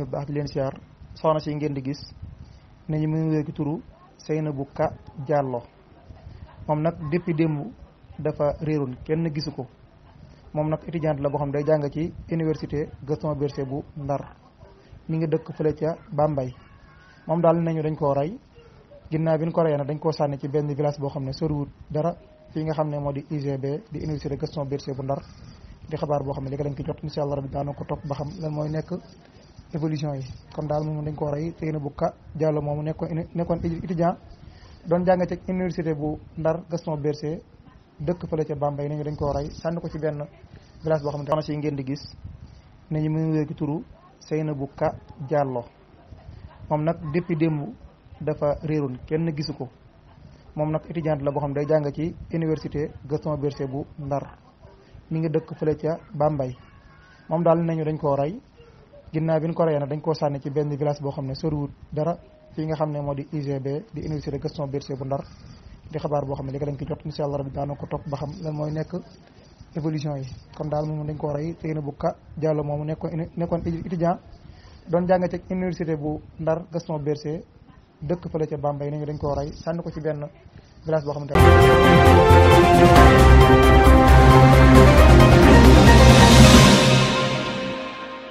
nuyu baax di leen siyaar soxna si ngeen di gis ne ñu mu ngi wéegi turu bu Ka Diallo moom nag depuis démb dafa réeroon kenn gisu ko moom nag étudiante la boo xam day jàng ci université Gaston Berger bu Ndar mi ngi dëkk fële ca Bambey moom daal ñu dañ koo rey ginnaaw bi ñu ko reyee nag dañ koo sànni ci benn village boo xam ne soriwut dara fii nga xam ne moo di UGB di université Gaston Berger bu Ndar di xabaar boo xam ne léegi lañ ko jot incha allah rabbi évolution yi kon daal moom dañ ko war a yi Seyna bu Ka Diallo moomu nekkoon nekkoon étudiant doon jàng ci université bu Ndar Gaston Berger dëkk fële ca Bambey dañ ko rey sànni ko ci benn village boo xam ne si ngeen di gis nañu mu ngi wéegi turu Seynabou Ka Diallo moom nag depuis dafa réeroon kenn gisu ko moom nag étudiante la boo xam ne day jàng ci université Gaston Berger bu Ndar mi ngi dëkk ca Bambey moom daal nañu dañ ko rey ginnaaw bi ñu ko reyee nag dañ koo sànni ci benn village boo xam ne soriwut dara fii nga xam ne moo di UGB di université Gaston Berger bu Ndar di xabaar boo xam ne léegi lañ ko jot incha allah rabbi daana ko topp ba xam lan mooy nekk évolution yi kon daal moom dañ koo rey Seynabou Bouka Diallo moomu nekkoon nekkoon étudiant doon jàng ci université bu Ndar Gaston Berger dëkk fële ca Bambey nañu dañ koo rey sànni ko ci benn village boo xam ne